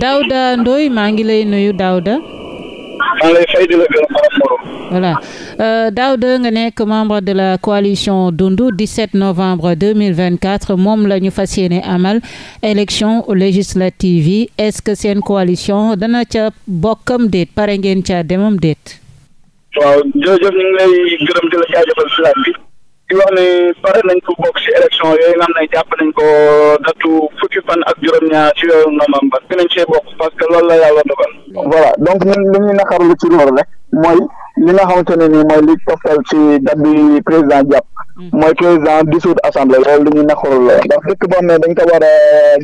Daouda Ndoye maa ngi lay nuyu Daouda. maa lay fay di la gërëm voilà euh, Daouda nga nekk membre de la coalition Dundu 17 novembre 2024 moom la ñu fas yéene amal élection législative yi est-ce que seen coalition dana ca bokkam déet pare ngeen ca demam déet. waaw jërëjëf ñu ngi lay gërëm di la jaajëfal si laaj bi. di wax ne pare nañ ko bokk si élection yooyu nga xam nañ ko datu. fukki fan ak juróom-ñaar ci weeru novembre dinañ cee bokk parce la yàlla dogal. voilà ci loolu rek mooy li nga xamante ne nii mooy li toftal ci date président jàpp mm. mooy président dissout assemblée loolu li ñuy la ndax dëkk boo xam ne dañ a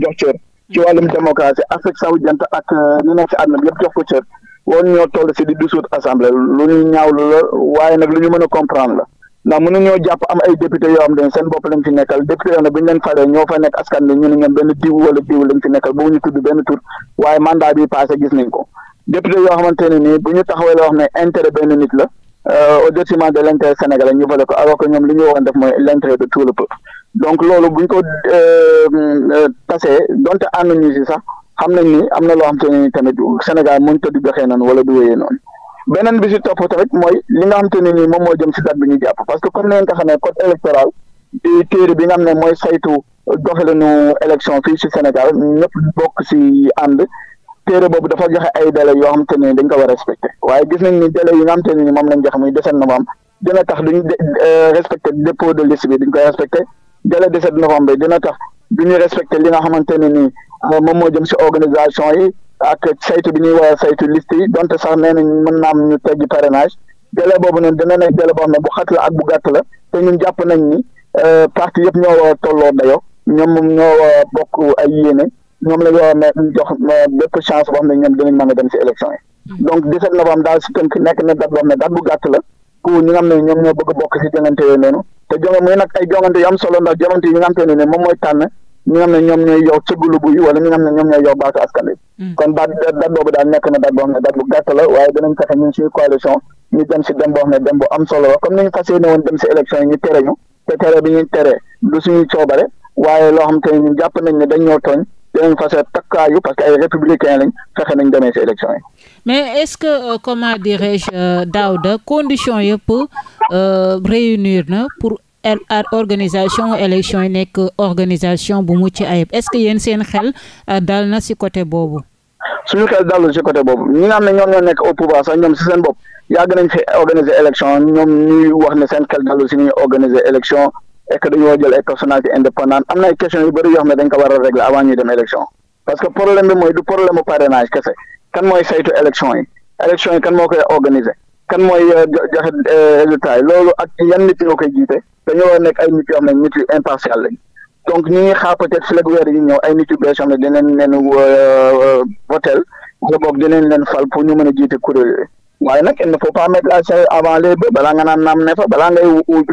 jox cër ci wàllum démocratie Afrique saw jant ak euh, ñu nekk ci àdduna yëpp jox ko cër woon ñoo toll si di dissout lu ñu ñaawlu la waaye nag lu ñu mën a comprendre la. naa ndax mënuñoo jàpp am ay député yoo xam ne seen bopp lañ fi nekkal député yoo ne bu leen faree ñoo fa nekk askan bi ñu ne ñoom benn diw wala diw lañ fi nekkal bu ñu tudd benn tur waaye mandat bi passé gis nañ ko député yoo xamante ne nii bu ñu taxawee loo xam ne intere benn nit la euh, au détriment de l' intérêt sénégalais ñu voté ko alors que ñoom li ñu waxoon def mooy l' de tout le peuple donc loolu bu ñu ko euh, euh, tasee donte ànduñu si sax xam nañ ni am na loo xam te ne ni tamit Sénégal mënut a di doxee noonu wala du wéyee noonu. beneen bi si topp tamit mooy li nga xam te ne nii moom moo jëm si date bi ñu jàpp parce que comme ni nga xam ne code électoral bi nga xam ne mooy saytu doxalinu élection fii si Sénégal ñëpp bokk si ànd téere boobu dafa joxe ay délais yoo xam te ne dañ ko war a waaye gis nañ ni délais yi nga xam te ne ni moom lañ joxe muy dix-sept novembre dina tax duñu euh, respecté dépôt de liste bi duñ koy respecté délai dix-sept novembre bi dina tax li nga xamante ne nii moom moo jëm si organisation yi. ak saytu bi ñuy woowee saytu liste yi donte sax nee nañ mën naa am ñu teggi parrainage délai boobu noonu dina nekk délai boo xam bu xat ak bu gàtt la te ñun jàpp nañ ni euh, parti yëpp ñoo war a dayoo ñoom ñoo war a bokk ay yéene ñoom la ñu war a jox euh, bépp chance boo xam ne ñoom dinañ mën a dem ci élection yi. Mm. donc 17 novembre daal si tënk nekk na date ne date bu gàtt la pour ñi nga xam ñoom ñoo bëgg bokk ci jongante yooyu noonu te jongante muy nag ay jongante yu am solo ndax jongante yi nga xamante ne moom mooy tànn. ñi nga xam ne ñoom ñooy yow cëggulubu yi wala ñi nga xam ne ñoom ñooy yow baatu hmm. kon baat dat daal nekk na dat boo xam la waaye danañ fexe ñun suñu coalition ñu dem si dem am solo la comme ni ñu dem si élection yi ñu tere ñu te tere bi ñu tere du suñuy coobare waaye loo xam te ñu jàpp nañ ne dañ tooñ dinañ fas takkaayu parce que ay républicain lañ fexe nañ demee si élection yi mais est-ce que euh, comment dirais-je euh, Daouda condition yëpp euh, réunir na pour organisation élection yi nekk organisation bu mucc ay est-ce que seen xel euh, dal na si côté boobu. suñu xel dalul ci côté boobu ñi nga xam ne ñoom ñoo nekk au pouvoir sax ñoom ci seen bopp yàgg nañ fi organiser élection ñoom ñuy wax ne seen xel dalul ci ñuy organiser élection et que dañoo jël ay personnalité indépendante am na ay yu bëri yoo xam ne dañ ko war a régler avant ñuy dem élection parce que problème bi mooy du problème mu parrainage kese kan mooy saytu élection yi élection yi kan moo koy organiser. kan mooy euh, joxe euh, loolu ak yan nit ñoo koy jiite dañoo war nekk ay nit yoo xam ne nit yu impartial lañ donc ñu ngi xaar peut-être fii weer yi ñëw ay nit yu bees yoo xam ne dinañ leen euh, votel wala boog dinañ leen fal pour ñu mën a jiite kuréel yooyu waaye nag il ne faut pas mettre la charrue avant les bœufs balaa nga naan naam ne fa balaa ngay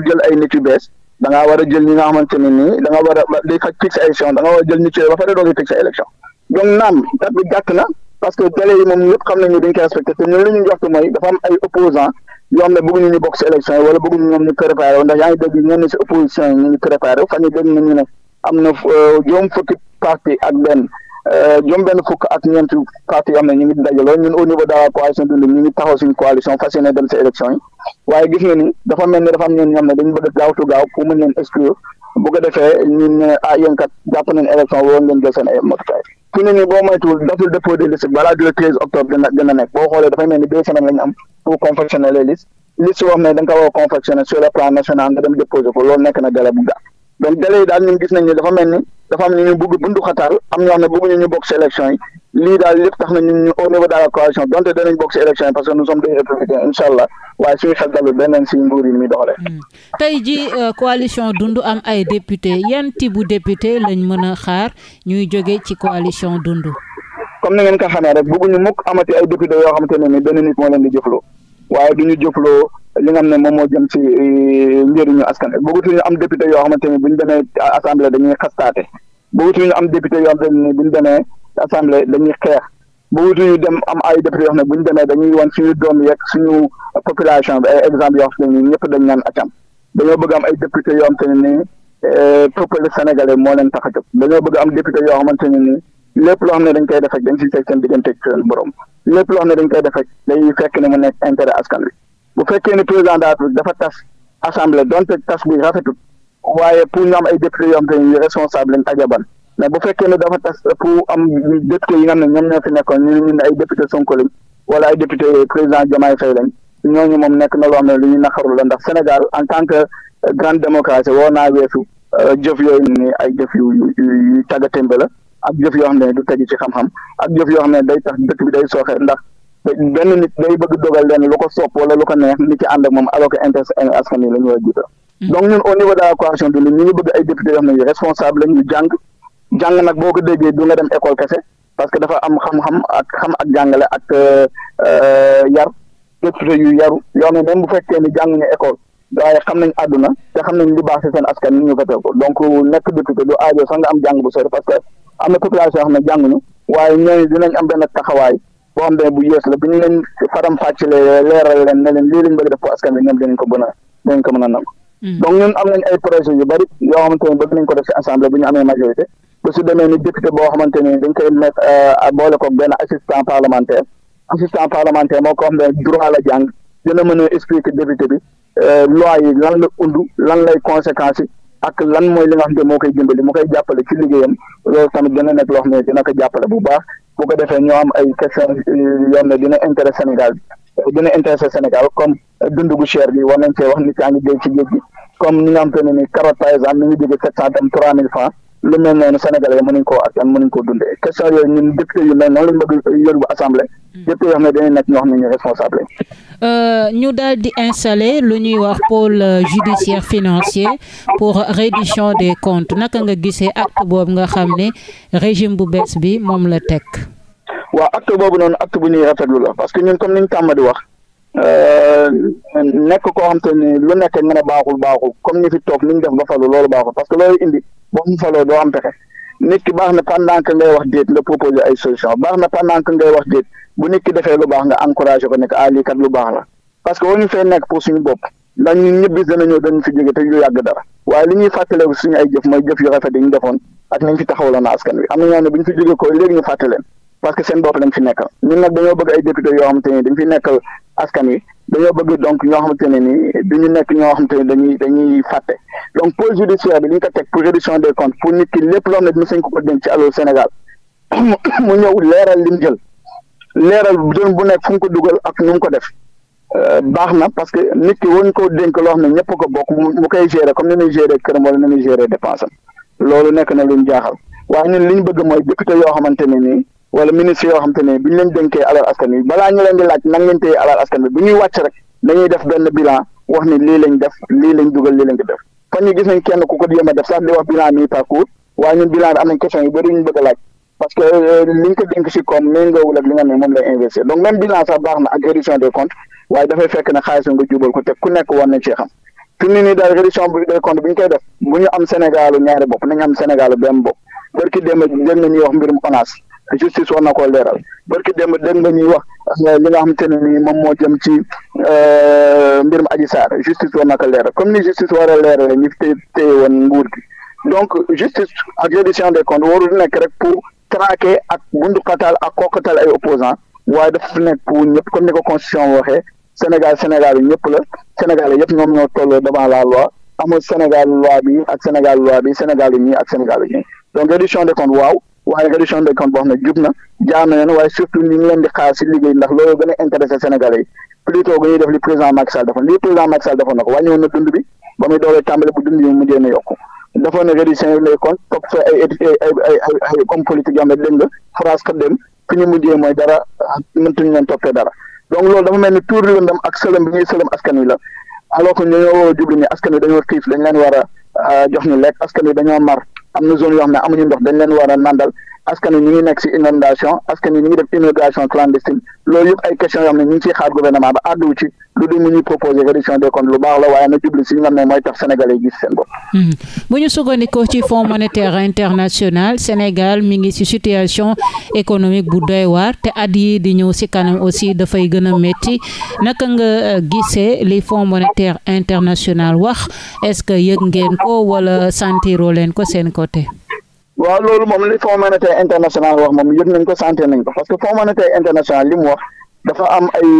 jël ay nit yu bees da ngaa war a jël ñi nga xamante ne nii da nga war a day faj fixer élection da nga war a jël nit yooyu ba pare doog a fixer élection donc naam date bi gàtt na. parce que délai yi moom ñëpp xam nañu dañ koy te ñun li ñu jox mooy dafa am ay opposants yoo xam ne bëgguñu ñu bokk si élection yi wala bëgguñu ñoom ñu préparé wu ndax yaa ngi dégg ñenn si opposition yi ñu ngi préparé wu fan yii dégg ne am na euh, juróom fukki parti ak benn Euh, juróom benn fukk ak ñeenti parti am na ñu ngi dajaloo ñun au niveau de la coalition Dundu ñu ngi taxaw suñu coalition fas yéene dem sa élection yi waaye gis nga ni dafa mel ni dafa am ñoon ñoom ne dañu bëgg a gaawtu gaaw pour mën leen exclure bu ko ah, balaa du le treize octobre boo xoolee dafay mel ni deux semaines la a confectionner sur le plan national nga dem ko loolu nekk na délai bu donc délai yi daal ñun gis nañ ne dafa mel ni dafa am ñu ñu bugg bundu xataal am ñoo ñu bokk si élection yi lii daal lépp tax na ñun ñu au niveau de la coalition donte danañ bokk si élection yi parce que nous sommes des républicains incha allah waaye suñu xel dalul beneen si nguur yi muy doxalee. Hmm. tey ji euh, coalition dund am ay député yan type bu député lañ mën a xaar ñuy jóge ci coalition dund. comme ni ngeen ko xamee rek bëgguñu mukk amati ay député yoo xamante ne ni benn nit moo leen di jëfloo waaye du ñu li nga xam ne moom moo jëm ci euh, njëriñu askan bëggatuñu am député yoo xamante ni buñu demee assemblée dañuy xastaate bëggatuñu am député yoo xamante ni buñu demee assemblée dañuy xeex bëggatuñu dem am ay député yoo xam ne buñu demee dañuy wan suñu doom yeeg suñu population bi ay exemple yoo xam ne ñëpp dañ naan acam dañoo bëgg am ay député yoo xamante ne ni euh, peuple sénégalais moo leen tax a jóg dañoo bëgg am député yoo xamante ne ni lépp loo xam ne dañ koy def rek dañ siy teg seen diggante ak seen borom lépp loo xam ne dañ koy def rek day fekk ne mu nekk intérêt askan wi bu fekkee ne président de la République dafa tas assemblée donte tas bi rafetul waaye pour ñu am ay député yoo xam te ne responsable lañ mais bu fekkee ne dafa tas pour am député yi xam ne ñoom ñoo fi nekkoon ñu ñu ne ay député Sonko lañ wala ay député président Diomaye Faye lañ ñooñu moom nekk na loo xam ne lu ñu naxarul ndax Sénégal en tant que grande démocratie woo naa weesu euh, jëf yooyu ni ay jëf yu yu yu tàggatémbe la ak jëf yoo xam ne du tegi ci xam-xam ak jëf yoo xam ne day tax dëkk bi day sooxe ndax benn nit day bëgg dogal leen lu ko sopp wala lu ko neex ni ci ànd moom alors que intérêt askan yi la ñu a jiital mm. donc ñun au niveau de la coalition bi ñu ngi bëgg ay député yoo xam ne ñu jàng jàng nag boo ko déggee du nga dem école kese parce que dafa am xam-xam ak ak jàngale ak euh, euh, yar député yu yaru yoo xam ne même bu fekkee ni jànguñu école waaye xam nañ àdduna te xam nañ lu baax ci seen askan ñu ko teel ko donc nekk député du aajo sax nga am jàng bu sori parce que am na population yoo jàng ne jànguñu waaye ñooñu dinañ am benn taxawaay boo xam ne bu yees la bu ñu leen faram fàccelee leeral leen ne leen lii lañ def pour askan bi ñoom ko mën a dinañ ko mën a nangu. Hmm. donc ñun ay projet yu bari yoo xamante ko def ci assemblée bu ñu amee majorité ba su demee ni député boo xamante ne dañ koy mettre euh, boole ko benn assistant parlementaire assistant parlementaire moo ko xam ne droit la jàng dina mën a député bi euh, loi lan la undu lan lay conséquences ak lan mooy li nga xam te moo koy dimbali mu koy jàppale ci liggéeyam loolu tamit dina nekk loo xam ne dina ko jàppale bu baax bu ko defee ñoo am ay question yoon ne dina intérêt Sénégal dina intérêt Sénégal comme dund gu cher bi war nañ cee wax nit yaa ngi dee ci géej gi comme ñi nga xam te ne ni carotte par exemple dem trois mille francs lu mel noonu Sénégalais yi mënuñ koo ak mënuñ koo dundee question yooyu ñun député yu mel noonu lañ bëgg yor bu assemblée. Hmm. député yoo xam ñu responsable euh, ñu daal di installer lu ñuy wax pôle euh, judiciaire financier pour reddition des comptes naka nga gisee acte boobu nga xam ni régime bu bees bi moom la teg. waaw acte boobu noonu acte bu ñuy rafetlu la parce que ñun comme ni ñu tàmm di wax. Euh, nekk koo xam ni lu nekk nga ne baaxul baaxul comme ñu fi toog ni ñu def ba falu loolu baaxul parce que loolu indi boo mu faloo doo am pexe nit baax na pendant que ngay wax déet nga proposer ay solution baax na pendant que ngay wax déet bu nit ki defee lu baax nga encouragé ko nekk ah lii kat lu baax la parce que waruñu fee nekk pour suñu bopp ndax ñun ñëpp bis danañoo dañu fi jóge te ñu yàgg dara waaye li ñuy fàttalee suñu ay jëf mooy jëf yu rafet yi ñu defoon ak nañ fi taxawaloon askan wi am na ñoo ñu ko ñu fàtte parce que seen bopp lañ fi nekkal ñun nag dañoo bëgg ay député yoo xamante ni ñoo xamante ne ni duñu nekk ñoo xamante ni dañuy dañuy fàtte donc pôle judiciaire bi li ñu ko teg pour réduction des comptes pour nit ki lépp loo xam ne mos nañ ko ko dénk ci Sénégal mu ñëw leeral li mu jël leeral zone bu nekk fu mu ko dugal ak nu mu ko def euh, baax na parce que nit ki wañ ko dénk loo xam ñëpp ko bokk mu koy gérer comme ni muy gérer këram wala ni muy gérer loolu nekk na lu ñu jaaxal waaye li ñu bëgg mooy yoo xamante ne nii wala ministre yoo xam te ne leen dénkee alal askan bi balaa ñu leen di ni lii lañ def lii lañ dugal kenn ku ko jéem a def sax di wax bilan mi parcours waaye ñun bilan bi am nañ question yu bëri ñu bëgg a laaj parce que euh, li ñu daal réduction des comptes bi ñu koy def bu ñu am Sénégalu ñaari bopp nañu am Sénégalu benn barki démb jël nañuy wax mbirum ONAS justice war na koo leeral barki dem dégg nga ñuy wax euh, li nga xamante ne nii moom moo jëm ci euh, mbirum Adji Sarr justice war na ko leeral comme ni justice war a leerale ñi fi téye woon nguur gi donc justice ak reddition des comptes warul nekk rek pour traquer ak bunduxatal ak kokkatal ay opposants waaye dafa nekk pour ñëpp comme ni ko constitution waxee Sénégal Sénégal yi ñëpp la Sénégal ñëpp ñoom ñoo tolloo devant la loi amul Sénégal loi bi ak Sénégal loi bi Sénégal yi ñii ak Sénégal yi waaye réduction des comptes boo na jaar na leen waaye surtout ñu leen di xaar si liggéey ndax loolu gën a intéressé Sénégalais yi plutôt que ñuy def li président Macky Sall defoon li président Macky Sall defoon na ko wàññiwoon na dund bi ba muy doolee tàmbale bu dund yi mujjee na yokku dafa ne réduction des comptes topp fa ay ay ay ay comme politique yoo xam ne dégg dem fi ñu mujjee mooy dara mëntuñu leen toppee dara donc loolu dafa mel ni tuur lëndam ak a euh, jublu a am na zone :fra yoo xam ne ndox dañ leen war a nandal askan wi ñu ngi nekk si inondation askan wi ngi def immigration clandestine loolu yëpp ay question yoo xam ne ñu ngi ciy xaar gouvernement ba àdduwu ci lu dul mu ñuy proposé réduction des comptes lu baax la waaye na jublu si ñu xam ne mooy tax sénégalais yi gis seen bopp. Hmm. bu ñu sukkandikoo ci fonds monétaire international Sénégal mi ngi si situation économique bu doy waar te at yi di ñëw si kanam aussi dafay gën a métti naka nga euh, gisee li fonds monétaire international wax est-ce que yëg ngeen ko wala sentiroo leen ko seen côté. waaw loolu moom li Fonds monétaire international wax moom yëg nañ ko santé nañ ko parce que Fonds monétaire international wax dafa am ay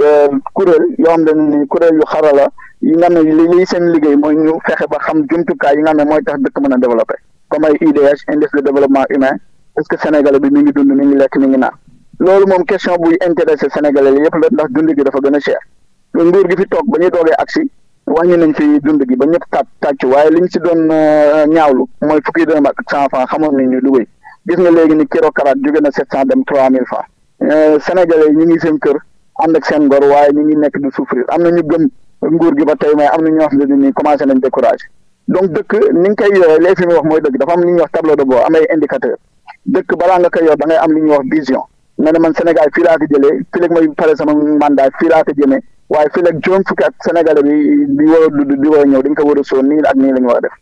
euh, kuréel yoo xam ne kuréel yu xarala yi nga xam li li seen liggéey mooy ñu fexe ba xam jumtukaay yi nga xam ne mooy tax dëkk mën a développé comme ay IDH indice de développement humain est que sénégale bi mi ngi dund mi ngi lekk mi ngi naan loolu moom question buy intéressé Sénégalais yëpp la ndax dund gi dafa gën a cher nguur gi toog ba ñuy doogee agsi wàññi nañ fi dund gi ba ñëpp tàcc tàcc waaye liñ si doon euh, ñaawlu mooy fukki dërëm ak cent franc xamoon nañ ni Dubaï gis nga léegi ni kilo karaat jóge na sept cent dem trois mille franc euh, sénégalais ñu ngi seen kër ànd ak seen ngor waaye ñu ngi nekk di souffrir am na ñu gëm nguur gi ba tey mais am na ñoo xam ne ni commencé nañ découragé donc dëkk ni nga koy yoree léegi mu wax mooy dëkk dafa am li ñuy wax tableau de bord am ay indicateur dëkk balaa nga koy yor da ngay am li ñuy wax vision nga man Sénégal fii laa ko jëlee fii léegi laa ko jëmee waaye fii léegi juróom fukki at Sénégalais bi di war a dudd di war a ñëw dañ ko war a sóon nii ak nii la ñu war a def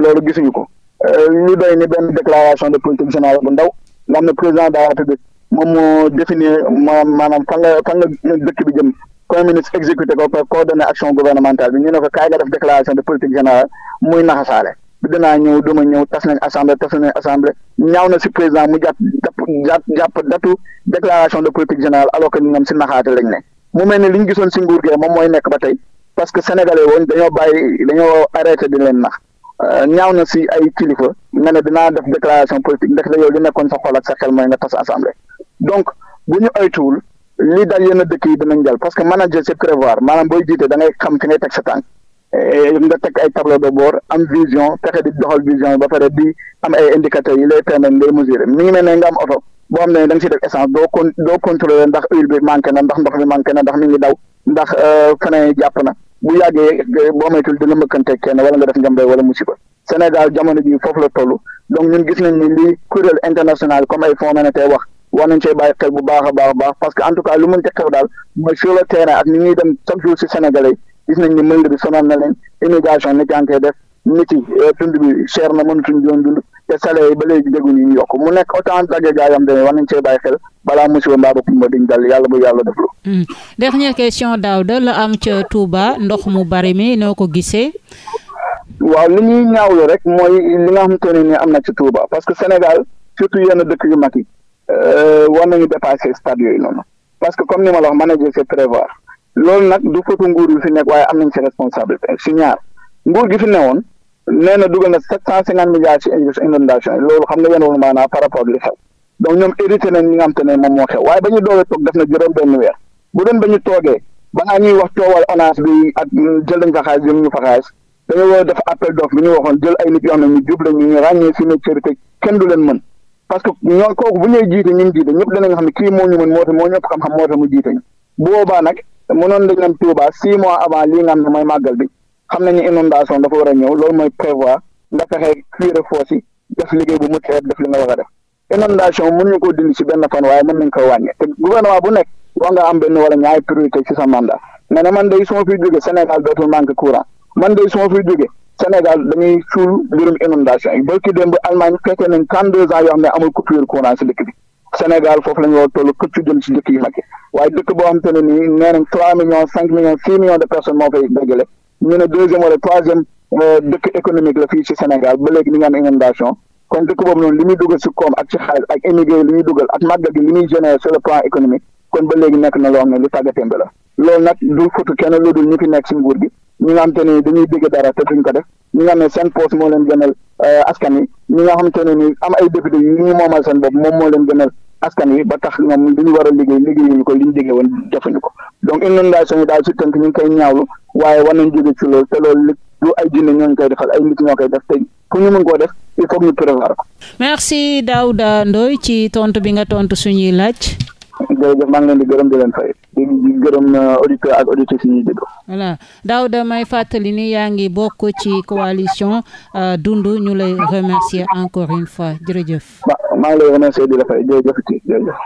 loolu gisuñu ko euh, lu doy ni benn déclaration de politique générale bu ndaw nga xam ne président de la République moom moo définir maanaam fan la fan la dëkk bi jëm premier ministre exécuté ko coordonner action gouvernementale bi ñu ne ko kaay nga def déclaration de politique générale muy naxasaale bi dinaa ñëw duma ñëw tas nañ assemblée tas nañ assemblée ñaaw na si président mu jàpp jàpp jàpp datu déclaration de politique générale alors que ñoom si mu mel ne li ñu gisoon si nguur gi moom mooy nekk ba tey parce que sénégalais woon dañoo bàyyi dañoo arrêté di leen nax euh, ñaaw na si ay kilifa nga ne dinaa def déclaration politique ndax yow li nekkoon sa xol ak sa xel mooy nga tas assemblée donc bu ñu oytuwul li dal yenn dëkk yi dinañ jàll parce que manager c'est prévoir maanaam booy jiite da ngay xam fi ngay teg sa tànk nga teg ay tableau de bord am vision fexe di doxal vision ba pare di am ay indicateurs yi lay permettre ngay mesurer mi ngi mel ne nga am boo xam ne da nga si def essence doo con doo contrôler ndax huile bi na ndax ndox mi manqué na ndax mi ngi daw ndax euh, frein jàpp na bu yàggee euh, boo moytul dina mbëkkante kenn wala nga def njombe wala musiba Sénégal jamono ji foofu la toll donc ñun gis nañ ni li kuréel international comme ay fonds monétaire wax war nañ cee bàyyi xel bu baax a baax a baax parce que en tout cas lu mën te xew daal mooy sur le terrain ak ni ñuy dem chaque jour si Sénégalais gis nañ ni mënd bi sonal na leen immigration def nit yi tund euh, bi cher na doon dund te salaire yi ba léegi dégguñu ñu yokk mu nekk autant dagge gaa yam demee war nañ cee bàyyi xel balaa musiba mbaa ba kumba diñ dal yàlla bu yàlla def lu hmm. dernière question Daouda la am ca ndox mu bari mi noo ko gisee waaw li ñuy ñaawlu rek mooy li nga xamante ne ni am na ci Touba parce que Sénégal surtout yenn dëkk yu mag yi euh, war nañu dépasser stade yooyu noonu parce que comme ni ma la wax manager c'est prévoir loolu nag du fotu nguur yu fi nekk waaye am nañ ci responsabilité si ñaar nguur gi fi newoon nee na dugal na sept cent cinquante milliards ci inondation loolu xam nga yéen woon maanaam par rapport li xew donc ñoom hérité nañ li moom moo xew waaye ba ñu doogee toog def na juróom benn weer bu doon ba ñu toogee ba nga ñuy wax coowal ONAS bi ak jël nañ fa xaalis jëm ñu fa a def appel d'offre bi ñu waxoon jël ay nit yoo xam ne ñu jub lañ ñu ràññee si maturité kenn du leen mën parce que kooku bu ñuy jiite ñun jiite ñëpp danañ xam ne kii moo ñu mën moo tax mois avant lii nga bi xam nañu inondation dafa war a ñëw loolu mooy prévoir nga fexe cuire foos yi def liggéey bu mucc def li nga war a def inondation mën ñu ko dindi ci benn fan waaye mën nañ ko wàññi bu nekk war nga am benn wala ñaari priorité ci sa mandat nga ne man day su ma fiy jóge Sénégal dootul manque courant man day su ma jóge Sénégal dañuy suul mbirum inondation yi barki démb Allemagne fekkee nañ trente deux yoo xam ne amul coupure courant ci dëkk bi Sénégal boo xam te ne nii nee ñu ne deuxième wala troisième euh, dëkk économique la fii ci Sénégal ba léegi ni ngi am inondation kon dëkk boobu noonu li muy dugal si koom ak ci xaalis ak immigré li muy dugal ak màggal gi li muy généré sur le plan économique kon ba léegi nekk na loo xam ne lu tàggatémbe la loolu nag du futu kenn lu dul ñu fi nekk si nguur gi ñi nga xam te ne dañuy dégg dara te duñ ko def ñi nga xam moo leen gënal euh, askan yi ñi nga xam te ne ni am ay député yu ñu moomal seen bopp moom moo leen gënal askan yi ba tax ñoom li ñu war a liggéey liggéeyuñu ko li ñu déggee woon defuñu ko donc inondation yi daal ñu ngi koy ñaawlu waaye war nañ jóge ci loolu te loolu lépp du ay jinne ñooñu koy defal ay nit ñoo koy def te pour ñu mën koo def il faut ñu prévoir ko. merci Daouda Ndoye ci tontu bi nga tontu suñuy laaj. jërëjëf maa ngi leen di gërëm di leen fay di gërëm euh, auditeur ak auditrice yi ñuy déglu. voilà Daouda may fàttali ni yaa ngi bokk ci coalition euh, dund ñu lay remercier encore une fois jërëjëf. waaw maa ngi lay remercier di la fay jërëjëf ci jërëjëf.